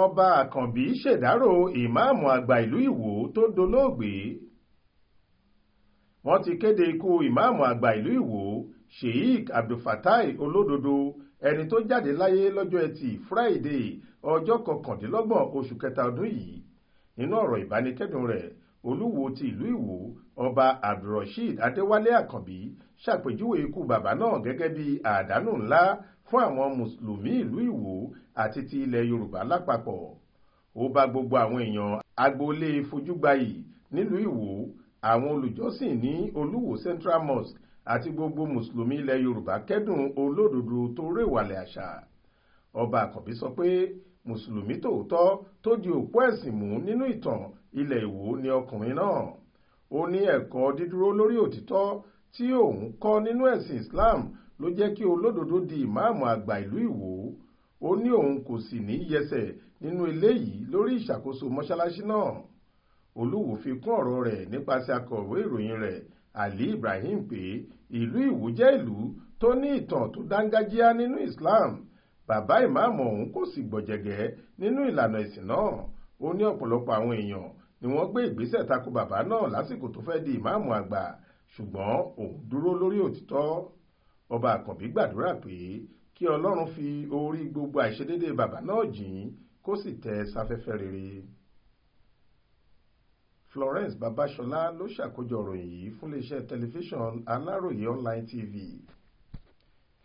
ọba àkànbí ṣèdárò ìmáàmù àgbà ìlú ìwò tó dolóògbé wọ́n ti kéde ikú ìmáàmù àgbà ìlú ìwò sheik abdulfatai olódodo ẹni tó jáde láyé lọ́jọ́ ẹtì friday ọjọ́ kọkàndínlọ́gbọ̀n oṣù kẹta ọdún yìí nínú ọ̀rọ̀ ìbánikẹ́dùn rẹ̀ olúwo ti ìlú ìwò ọba abdulrasheed adéwálé àkànbí ṣàpèjúwe ikú bàbá náà gẹ́gẹ́ bí àdánù ńlá fún àwọn mùsùlùmí ìlú ìwò àti ti ilẹ̀ yorùbá lápapọ̀ ó bá gbogbo àwọn èèyàn agboolé fojúgbayì nílùú ìwò àwọn olùjọ́sìn ní olúwo central mosque àti gbogbo mùsùlùmí ilẹ̀ yorùbá kẹ́dùn olódodo tó rèwàlẹ̀ àṣà ọba àkànbí sọ pé mùsùlùmí tòótọ́ tó di òpó ẹ̀sìn mú nínú ìtàn ilẹ̀ ìwò ni ọkùnrin náà ó ní ẹ̀kọ́ dídúró lórí òtítọ́ tí òun kọ́ nínú ẹ̀sìn islam ló jẹ́ kí olódodo di ìmáàmù àgbà ìlú ìwò ó ní òun kò sì ní yẹsẹ̀ nínú eléyìí lórí ìṣàkóso mọ́ṣáláṣí náà olúwo fi kún ọ̀rọ̀ rẹ̀ nípasẹ̀ akọ̀wé ìròyìn rẹ̀ ali ibrahim pé ìlú ìwò jẹ́ ìlú tó ní ìtàn tó dángájíá nínú islam bàbá ìmáàmù ọ̀hún kò sì gbọ̀jẹ̀gẹ́ nínú ìlànà ìsìn náà ó ní ọ̀pọ̀lọpọ̀ àwọn èèyàn ni wọ́n gbé ìgbésẹ̀ tako bàbá náà lásìkò tó fẹ́ di ìmáàmù àgbà ṣùgbọ́n òun dúró lórí òtítọ́ ọba àkànbí gbàdúrà pé kí ọlọ́run fi orí gbogbo àìṣedédé bàbá náà jìn kó sì tẹ́ sáfẹ́fẹ́ rere Florence Babasola ló ṣàkójọ ìròyìn yìí fún iléeṣẹ́ tẹlifíṣàn Aláròye online TV